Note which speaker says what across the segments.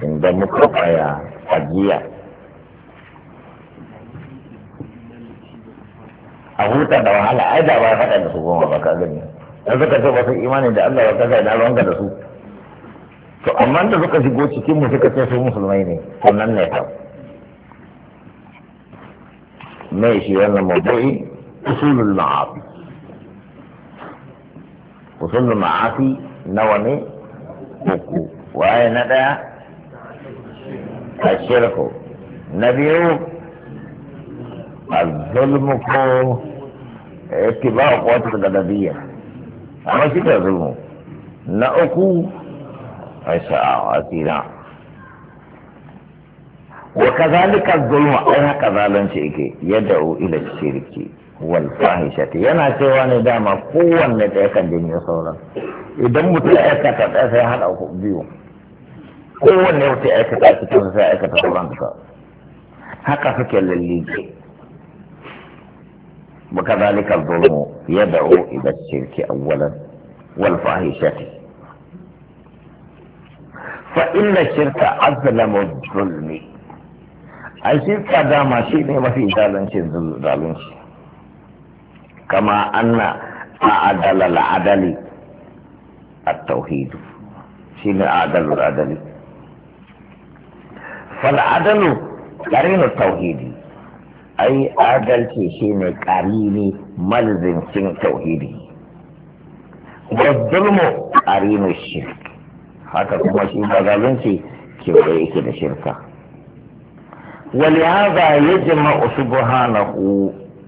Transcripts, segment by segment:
Speaker 1: inda muka tsaya a jiya a huta da wahala ai da ba faɗa da su goma ba ka gani dan suka ce ba su imani da Allah ba ka sai da ruwanka da su to amma da suka shigo cikin mu suka ce su musulmai ne to nan ne fa mai shi wannan mabu'i usulul ma'afi usulul ma'afi nawa ne uku waye na daya Aciar ku, nadi yo azulma ku kibarau kwatuka da biya. Aciar ku azulma ku, na oku a wu a kazani ka azulma a yana kazana ciki yadda wu ina ciki rikici waltz yana cewa ni dama kuwa ne ta yaka sauran idan mutum ya yaka ta ya hada ku biyu. kowanne wata aikata a cikin sai aikata sauran duka haka suke lallige وكذلك الظلم يدعو إلى الشرك أولا والفاحشة فإن الشرك أظلم الظلم الشرك دام شيء ما في ذلك ذلك كما أن أعدل العدل التوحيد شيء أعدل العدل fal'adalu ƙarinu tauhidi ai adalci shine ƙarini malzincin tauhidi wazzulmu ƙarinu shirk haka kuma shi ba zalunci kewaye yake da shirka ولهذا يجمع سبحانه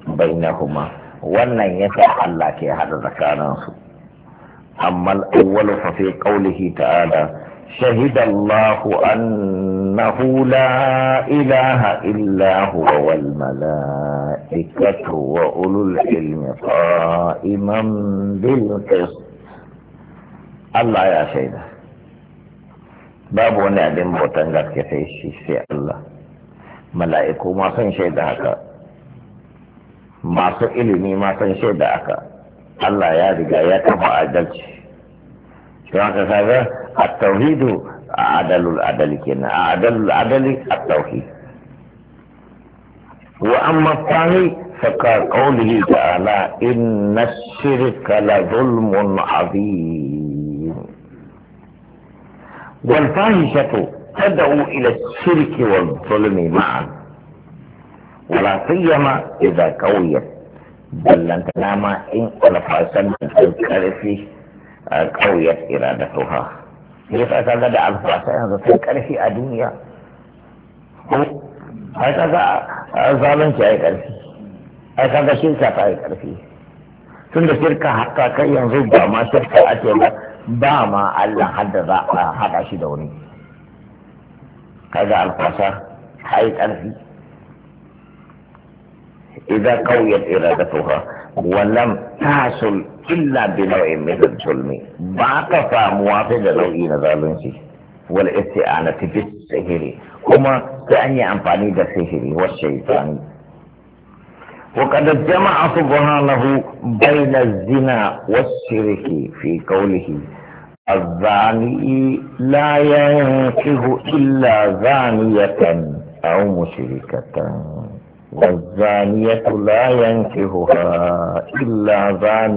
Speaker 1: بينهما wannan yasa Allah ke hada tsakaninsu amma al-awwal fa fi qawlihi ta'ala شهد الله أنه لا إله إلا هو والملائكة وأولو العلم قائما بالقسط الله يا شهيدا باب وانا دين بوتان لك كتيشي سي الله ملائكو ما سن شهيدا هكا ما سن إلمي ما سن شهيدا هكا الله يا رجا يا كفا أجلش شو هكا التوحيد عدل العدل كنا عدل العدل التوحيد وأما الثاني فكقوله تعالى إن الشرك لظلم عظيم والفاحشة تدعو إلى الشرك والظلم معا ولا سيما إذا قويت بل بلنتنا تنام إن الفاحشة تنكر الكارثة قويت إرادتها ya sa kaga da alfasa yanzu sai karfi a duniya ai kaga zalunci ai karfi ai kaga shirka ta ai karfi tun da shirka hatta kai yanzu ba ma shirka ake ba ba ma Allah hadda za a haɗa shi da wani kaga alfasa ai karfi idan kauyar iradatuha ولم تحصل إلا بنوع من الظلم بعد فموافق نوعين ظالمتي والاستعانة بالسحر هما تأني أنفاني بالسحر والشيطان وقد جمع سبحانه بين الزنا والشرك في قوله الزاني لا ينكه إلا زانية أو مشركة والزانية لا ينكهها إلا زان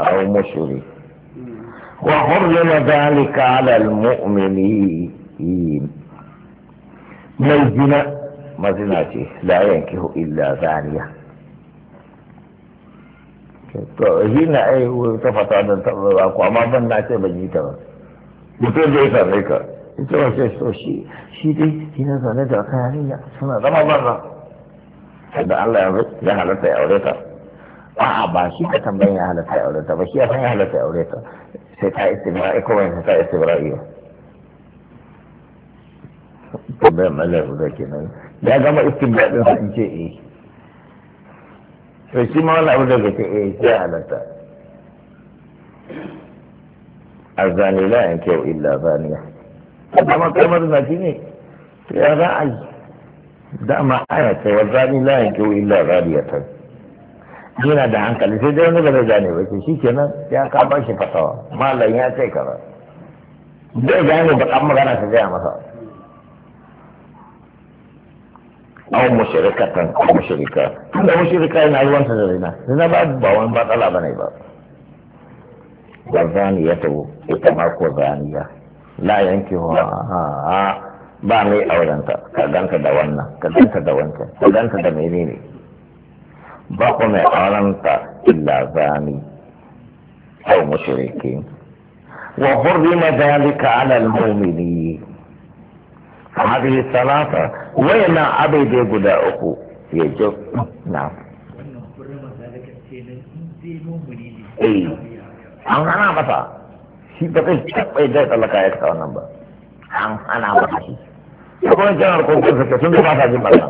Speaker 1: أو مشرك وحرم ذلك على المؤمنين ميزنا mazinaci la yankihu illa zaniya to shi na ai ta fata da taɓa ba ku amma ban na ce ban yi ta ba mutum zai same ka ita ba so shi shi dai shi na zane da kayaniya suna zama banza da Allah yanzu ya halatta ya aure ta a'a ba shi ka tambayin ya halatta ya aure ta ba shi ya san ya halatta ya aure ta sai ta istibra ko wani ta istibra iyo tambayar mallar da ke nan ya gama istibra din sa in ce eh sai shi ma wani abu da ke eh sai ya halatta azzani la yankew illa zaniya kuma kalmar zaki ne ya za a yi dama aya ce wa zani la yanku illa radiyatan yana da hankali sai dai wani ba zai gane ba shi kenan ya ka ba shi fasawa malam ya ce ba zai gane ba kan magana ta gaya masa aw mushrikatan aw mushrika tunda mushrika yana ruwan sa da zina zina ba ba wani matsala bane ba wa zaniyatu ita ma ko zaniya la ha. ba mai aurenta ka ganta da wannan ka ganta da wancan ka ganta da menene ba ku mai aurenta illa zani au mushriki wa hurri hurrima dhalika ala al almu'mini hadhihi salata wa yana abaide guda uku ya ji na eh an hana masa shi ba zai taɓa ya tsallaka ya ta wannan ba
Speaker 2: an hana masa shi
Speaker 1: ya kuma janar kunkun suke sun ba ta jin barna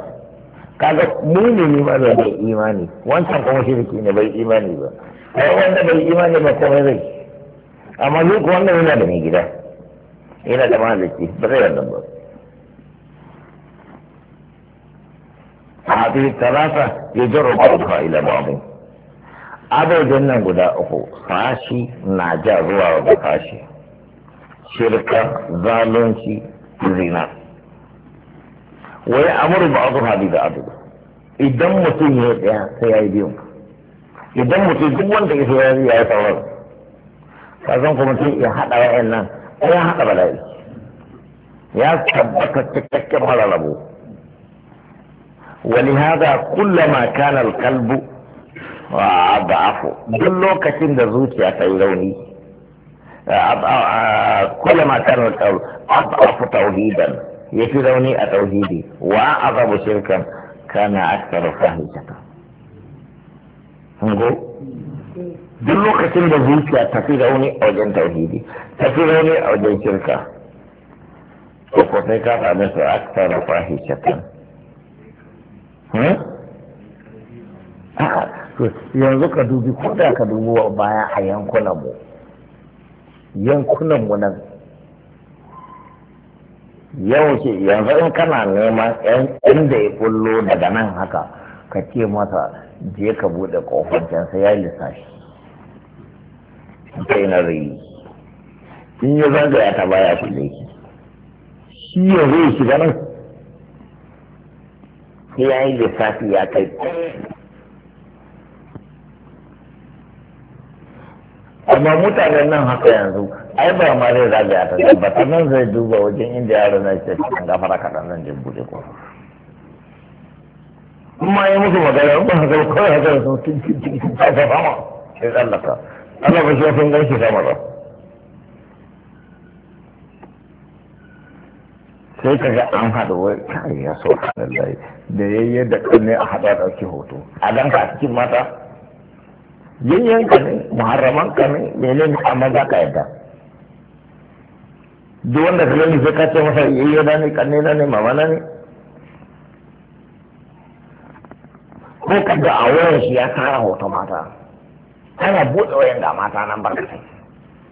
Speaker 1: kaga mumini ma bai da imani wancan kuma da ne bai imani ba ai wanda bai imani ba kuma zai amma duk wanda yana da mai gida yana da maliki ba zai wannan ba هذه ba يجر بعضها إلى بعض adadin nan guda uku fashi na ja ruwa da fashi shirka zalunci zina wai amuru ba azu hadi da adu idan mutum ya tsaya sai ya yi biyun idan mutum duk wanda ya tsaya ya yi sauran kazan kuma mutum ya haɗa wa'yan nan ya haɗa bala'i ya tabbata cikakken hararrabo ولهذا كلما كان القلب ضعف دل لوكتين ده زوجي اتيروني كلما كان القلب اضعف توحيدا ya fi rauni a tauhidi wa babu shirkan kana aktaru fahimtaka hango duk lokacin da zuciya ta fi rauni a wajen tauhidi ta fi rauni a wajen shirka ko ko sai ka same su aktaru fahimtaka hmm? yanzu ka dubi ko da ka dubi baya a yankunan mu yankunan mu nan yau ce yanzu in kana neman yan da ya kullo daga nan haka ka ce masa je ka bude kofar can sai ya lissafi sai na rai in ya zanga ya taba ya kulle ki shi ya ya shiga nan sai ya yi lissafi ya kai
Speaker 2: amma mutanen nan haka yanzu ai ba ma zai zagaya ta tabbata
Speaker 1: nan zai duba wajen inda yaro na ce an fara kaɗan nan jin buɗe ko ma yi musu magana ba haka kawai haka sun cin cin cin cin ta ta fama sai tsallaka Allah ba shi sun ganshi sama ba sai ka ga an haɗu wai kai ya so da yi da kanne a haɗa ɗauki hoto a danka a cikin mata yayyan ka ne muharraman ka ne menene amma za ka yadda duk wanda ka gani sai ka ce masa yayye na ne kanne na ne mama na ne ko ka ga a wayan shi ya kara hoto mata ana buɗe wayan da mata nan barkatai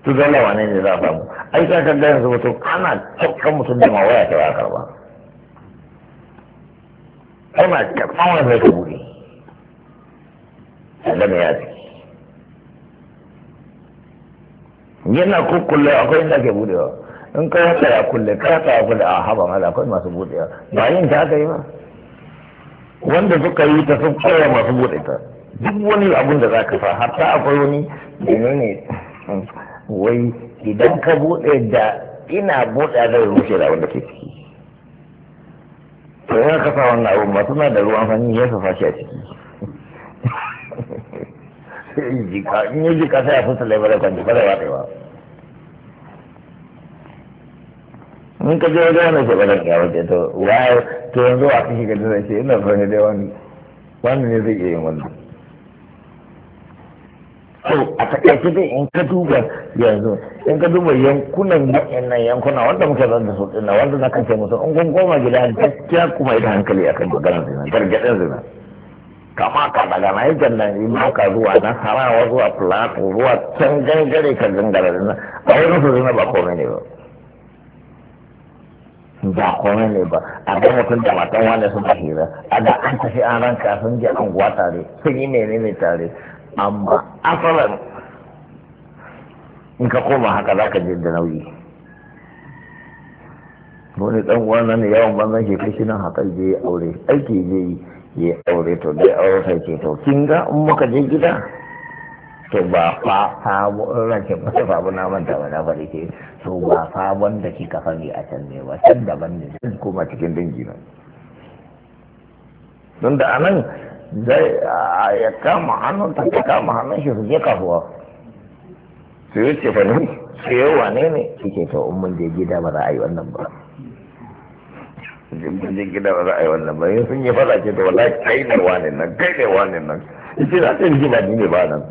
Speaker 1: to zai lawa ne za a samu ai ka ga yanzu mutum kana cakkan mutum da ma waya ta ba karba ana karɓan wani zai ka buɗe annabi ya ce yana kukkulle akwai inda ake budewa in ka wata ya kulle ka wata ya kulle a haba mala akwai masu budewa ba yin ta aka yi ba wanda suka yi ta sun kawai masu bude ta duk wani abun da za ka sa hatta akwai wani ne wai idan ka bude da ina a zai rushe da wanda ke ciki to ya kasa wannan abu masu na da ruwan sanyi ya sa shi a ciki sai in jika in yi jika sai a fusa kwanci ba in ka je wajen wani ya to to yanzu a ce ina dai wani wani ne zai iya yin to a takaice dai in ka duba yanzu in ka duba yankunan waɗannan yankuna wanda muke zan da su dinnan wanda za ka ce musu in kun koma gida gaskiya kuma ita hankali akan maganar zina gargaɗin zina kama ka daga na yi jannan ima ka zuwa nan harawa zuwa plato zuwa can gangare ka gangare da nan a wani su zina ba kome ne ba ba kome ne ba a ga mutum da matan wani sun ba hira a da an tafi an ranka sun an anguwa tare sun yi menene tare amma asalan in ka koma haka za ka je da nauyi wani dan uwa nan yawan banzan shi kai shi nan haka je aure aiki je yi ya aure to dai aure ta ce to kin ga in muka je gida to ba fa fa rance ba ta babu na manta ba na faɗi ce to ba wanda ki kika faɗi a can ne ba can daban ne ko koma cikin dangi na don da anan zai ya kama hannun ta ta kama hannun shi su je kasuwa su yi ce fa ne su yi wane ne kike to in mun je gida ba za a yi wannan ba jirgin gida ba za a yi wannan ba sun yi fara ce da wala kai ne wani nan kai ne wani nan ita za ta yi ba ne ba nan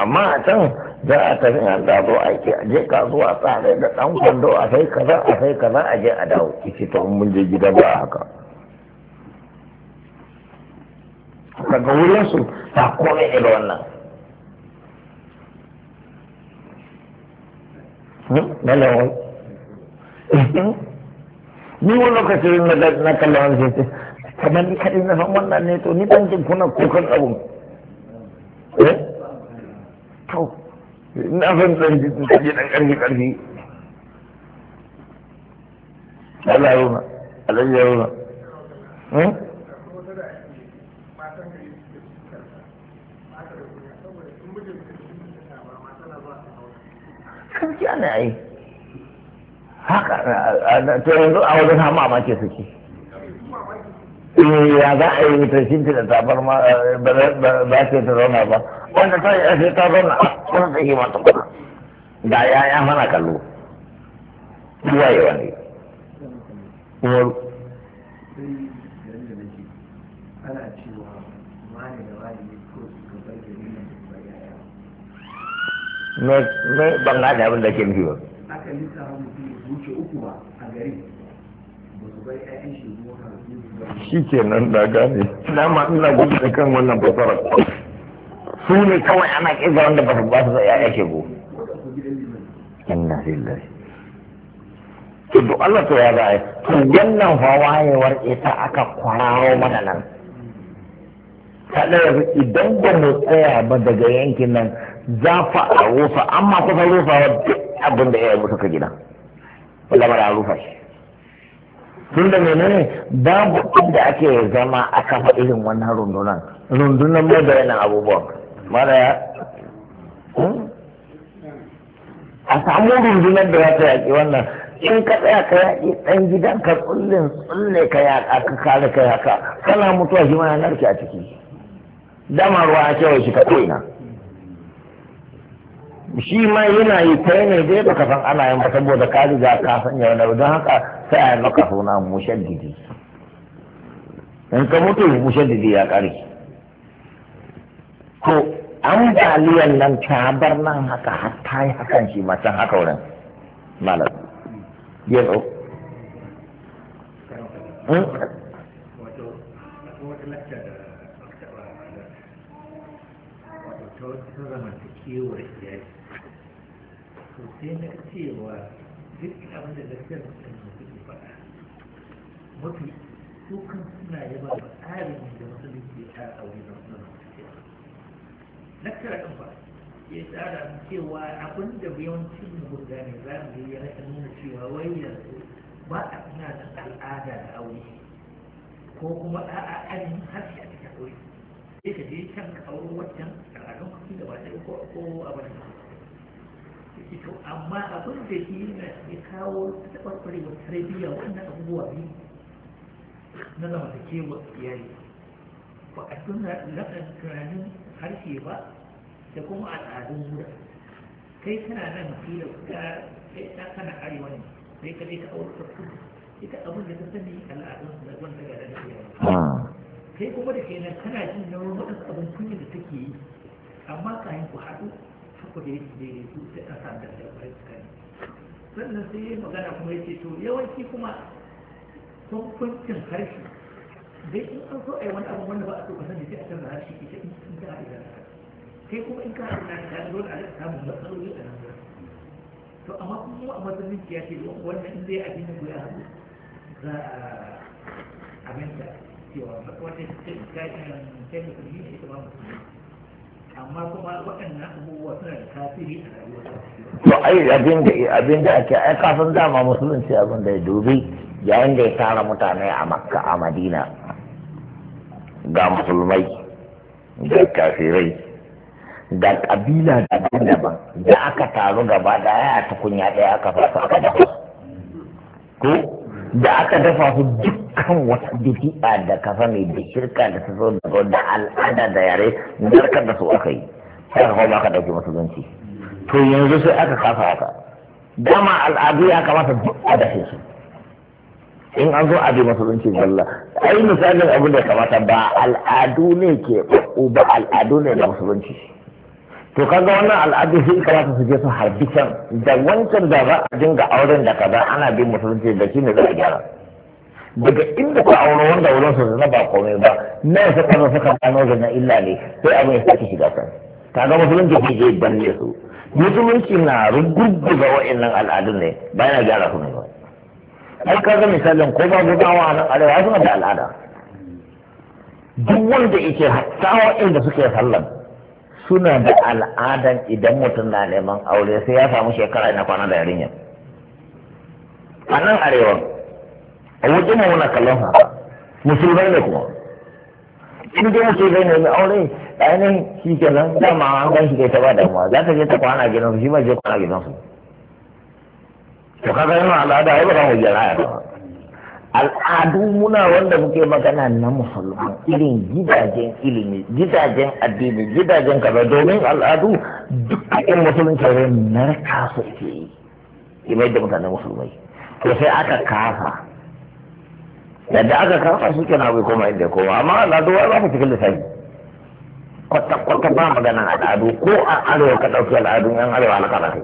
Speaker 1: amma a can za a ta fi an da zo aiki a je kasuwa tsare da dan kwando a sai kaza a sai kaza a je a dawo ita ta mun je gida ba haka daga wurinsu ba komai ne da wannan Mm-hmm. ni wani lokacin na na kallon wani sai kamar ni na san wannan ne ni ban jin kuna kukan abun eh to na san ɗan ji ta ɗan ƙarfi ƙarfi Allah ya runa Allah ya kan haka yanzu a wajen hama ma ke suke eh, ya za a yi ta shinta da tabar ma eh, ba za ta ta zauna ba wanda ta yi ashe ta zauna wanda ta yi mata kuma da ya ya mana kallo zuwa yi wani umaru me ban gane abin da ke nufi ba
Speaker 2: wuce uku ba a garin shi ke nan
Speaker 1: da gane ma ina gudu da kan wannan fasara su ne kawai ana ƙirga wanda ba su ba su ya yake go inna lillahi to duk Allah to ya zai to wannan fawayewar ita aka kwararo mana nan kada idan ba mu tsaya ba daga yankin nan za fa a rufa amma kusa rufa duk abin da ya musu ka gidan lamar a rufa shi tun da menene babu inda ake zama a kafa irin wannan rundunan rundunan mai da yana abubuwa mara ya hmm? a samu rundunar da za ta yaƙi wannan in ka tsaya ka yaƙi ɗan gidan ka tsullin tsulle ka yaƙa ka kare ka yaƙa kana mutuwa shi ma narke a ciki dama ruwa a kewaye shi ka ko'ina shi ma yana yi yi ne dai baka san ana yin ba saboda ka riga ka san yau na don haka sai a yi maka suna didi. in ka mutu didi ya kare ko an nan ta bar nan haka har ta yi hakan shi ma can haka wurin malam yin o
Speaker 2: hmm? ta iyali to sai na cewa duk abin da gaskiyar mutum da suke faɗa mafi su kan suna yaba ba tsarin da ke ya a aure na suna na kira kan ba ya tsara cewa abin da yawancin mu ne za mu yi yana nuna cewa wai yanzu ba a suna da al'ada da aure ko kuma a'a an harshe a cikin aure sai ka je can ka aure wancan al'adun kuɗi da ba ta ko abin da to amma abin da shi ya kawo taɓarɓarewar tarbiyya wannan abubuwa ne na zamantakewar iyali ba a tuna lakan tunanin harshe ba da kuma al'adun wura kai tana nan fila ka kai ta kana arewa ne sai ka ka aure ta kudu ita abin da ta sani al'adun da wanda ga da iyali ah. kai kuma da kenan kana jin nauyin wadansu abin kunya da take yi amma kayan ku haɗu suka da yake daidaitu da da shafarai suka sannan sai ya magana kuma ya ce to yawanci kuma hukuncin harshe dai in an so a yi wani abu wanda ba a so ka sani sai a canza harshe ita in ka haɗe da kai kuma in ka haɗe da ta dole a rika samun matsaloli a nan to amma kuma a matsalin ya ce wannan in zai abin da ya haɗu za a abin cewa wata ta yi yi amma kuma waɗannan abubuwa suna da tasiri a rayuwar
Speaker 1: to ai abin da ake aika kafin dama musulunci abin da ya dubi yayin da ya tara mutane a makka a madina ga musulmai da kafirai da kabila daban-daban da aka taru gaba da ya tukunya daya aka fasa aka dafa ko da aka dafa su dukkan wata bidi'a da kafa mai da shirka da su zo da da al'ada da yare narkar da su aka yi sai aka kuma aka dauki musulunci to yanzu sai aka kafa haka dama al'adu ya kamata duk a dafe su in an zo abin musulunci zalla ai misalin abin da kamata ba al'adu ne ke ba al'adu ne da musulunci to kaga wannan al'adu sun kamata su je su harbi can da wancan da za a dinga auren da kaza ana bin musulunci da shi ne za a gyara daga inda ku auro wanda wurin su zana ba komai ba nan su kano suka gano zana illa ne sai abin ya sake shiga kan kaga musulunci ke je banne su musulunci na ga wa'annan al'adun ne ba yana gyara su ne ba ai kaga misalin ko babu a nan arewa suna da al'ada duk wanda yake hatta wa'anda suke sallan suna da al'adan idan mutum na neman aure sai ya samu shekara na kwana da yarinya a nan arewa a wajen mu muna kallon haka musulmai ne kuma in dai musulmai ne mai aure ainihin shi ke nan dama an gan shi kai ta ba damuwa za ta je ta kwana gidansu shi ma je kwana gidansu to kaga yana al'ada ya ba za mu gyara ya ba al'adu muna wanda muke magana na musulman irin gidajen ilimi gidajen addini gidajen kaza domin al'adu duk ɗin musulunci ne na kasu ke yi imai da mutane musulmai to sai aka kafa yadda aka kafa su ke bai koma inda koma amma al'adu wa za cikin lissafi kwata-kwata ba maganan al'adu ko a arewa ka ɗauki al'adun yan arewa na kai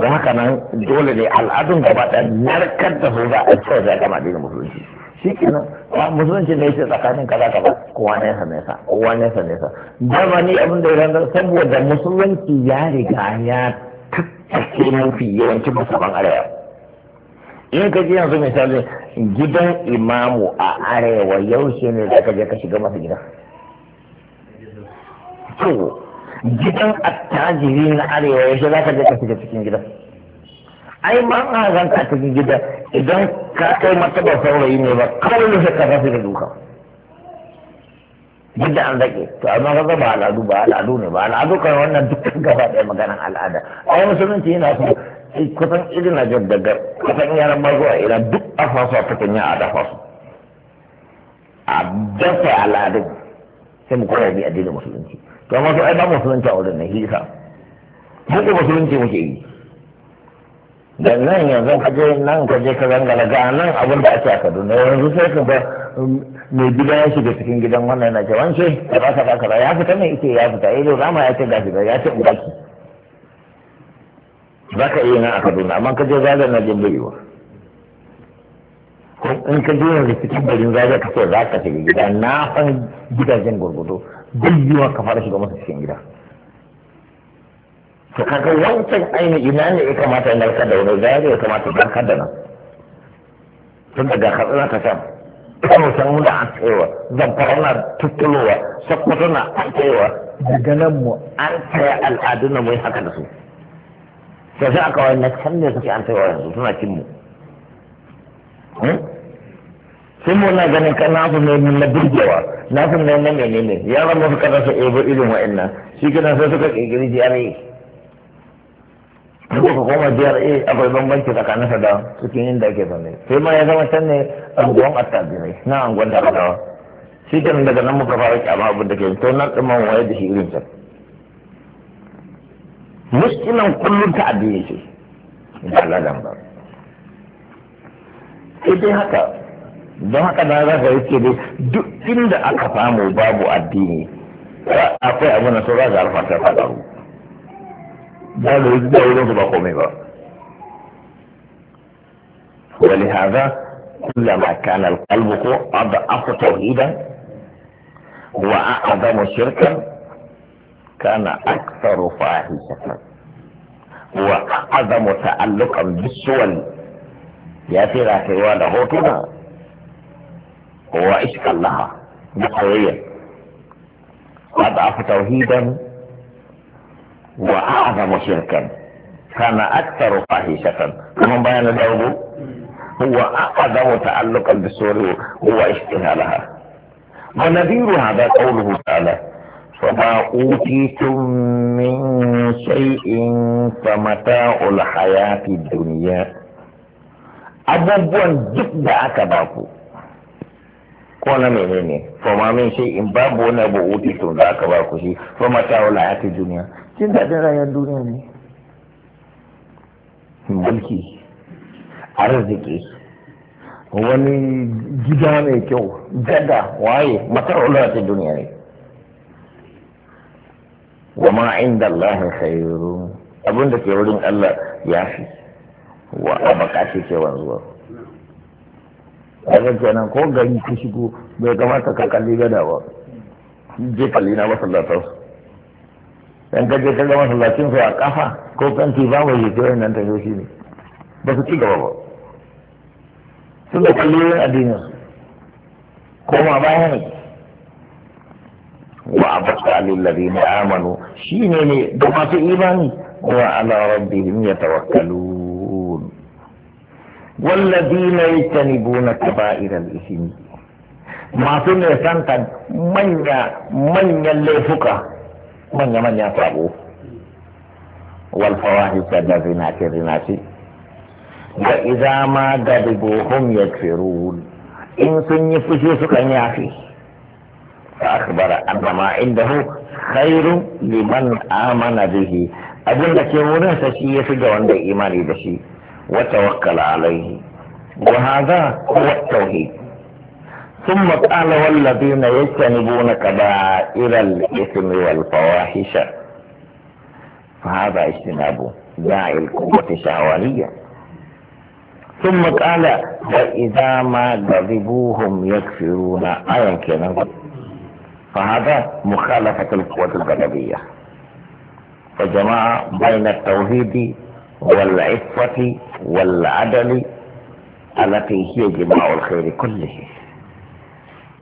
Speaker 1: da haka nan dole ne al'adun gaba da narkar da su a cewa ya gama daina musulunci shi kenan ba musulunci ne ce tsakanin kaza kaza kowa nesa nesa kowa nesa nesa dama ni abin da ya saboda musulunci ya riga ya tattake mafi yawanci musulman arewa in ka ji yanzu misali gidan imamu a arewa yau shi ne da ka je ka shiga masu gida gidan attajiri na arewa yaushe za ka je ka shiga cikin gidan ai ma a zan ka cikin gidan idan ka kai martaba saurayi ne ba kawai ne ka zafi da duka gida an zaƙe to amma ka ba al'adu ba al'adu ne ba al'adu kan wannan dukkan gaba ɗaya maganan al'ada ai musulunci yana so kusan irin na daga kusan yaran marzo a ira duk a fasu a fitan ya a dafa su a dafa al'adun sai mu kwaya bi addinin musulunci to amma ai ba musulunci a wurin na hisa muku musulunci muke yi da nan yanzu ka je nan ka je ka zangala ga nan abin da ake a kaduna yanzu sai ka ba um, mai gida ya shiga cikin gidan wannan na ce wance ka ba ka ba ka ya fita ne ita ya fita ido rama ya ce gashi ya ce baki za ka iya nan a kaduna amma ka je zaga na jin birewa in ka je yanzu cikin garin zaga ka ce za ka shiga gida na san gidajen gurgudu bai yiwa ka fara shiga masa cikin gida to kaga wancan aini ina ne ya kamata ya narkar da wani zai ya kamata ya narkar da nan tun daga katsina ta sham kano san muna an tsayewa zamfara na tuttulowa sakkwato na an tsayewa daga nan mu an tsaya al'adun na mai haka da su sai sai aka wani na can ne suke an tsayewa yanzu suna cin mu hmm? sai mu na ganin kana su ne na burgewa na su ne na menene ya zama mafi kada su ebo irin wa'annan shi kana sai suka kirkiri GRA ko ka koma GRA akwai bambanci tsakanin sa da cikin inda ake zaune sai ma ya zama can ne anguwan attajirai na anguwan talakawa shi kana daga nan muka fara kyama abin da ke to nan mun waye da shi irin can muskilan kullum ta addini ce ba ladan ba sai haka don haka na za ka yake dai duk inda aka samu babu addini akwai abu na sauran ga alfasar faɗaru ba da yi da wurin ba komai ba haza kula ma kana ko ولهذا كلما كان القلب أضعف توحيدا وأعظم شركا كان أكثر فاحشة وأعظم تألقا ya يا ترى كيوالا hotuna وعشقا لها بقوية أضعف توحيدا وأعظم شركا كان أكثر فاحشة كما بيان داود هو أعظم تعلقا بالسور هو اشتغالها ونذير هذا قوله تعالى فما أوتيتم من شيء فمتاع الحياة الدنيا أبوبوا جدا أكبركم ko na menene fa ma min shi in babu wani abu uti to za ka ba ku shi fa ta wala hayati duniya jin daɗin rayuwar duniya ne mulki arziki wani gida mai kyau gada waye matar ulata duniya ne wa ma inda Allah khairu abin da ke wurin Allah ya fi wa abaka ce ke wanzuwa kaga kenan ko gari ka shigo bai kamata ka kalli gada ba je kalli na masallatar dan ka je ka masallacin su a kafa ko kanti ba mu je kai nan ta yoshi ne ba su ci gaba ba sun da kalli yin addinin su koma baya ne wa abqa lil ladina amanu shine ne da masu imani wa ala rabbihim yatawakkalun والذين يجتنبون idan الإثم masu nesanta manya-manyan laifuka manya-manyan sabo walfawahi da zinace-zinace da izama da ribohun ya in sun yi fushi a dama in da hu? khairu liman amana bihi abin da ke wurin sa yafi ga wanda imani da shi وتوكل عليه وهذا هو التوحيد ثم قال والذين يجتنبون كبائر الإثم والفواحش فهذا اجتناب داعي القوة الشهوانية ثم قال وإذا ما غضبوهم يكفرون أيا كان فهذا مخالفة القوة الغضبية فجماعة بين التوحيد والعفة والعدل التي هي جماع الخير كله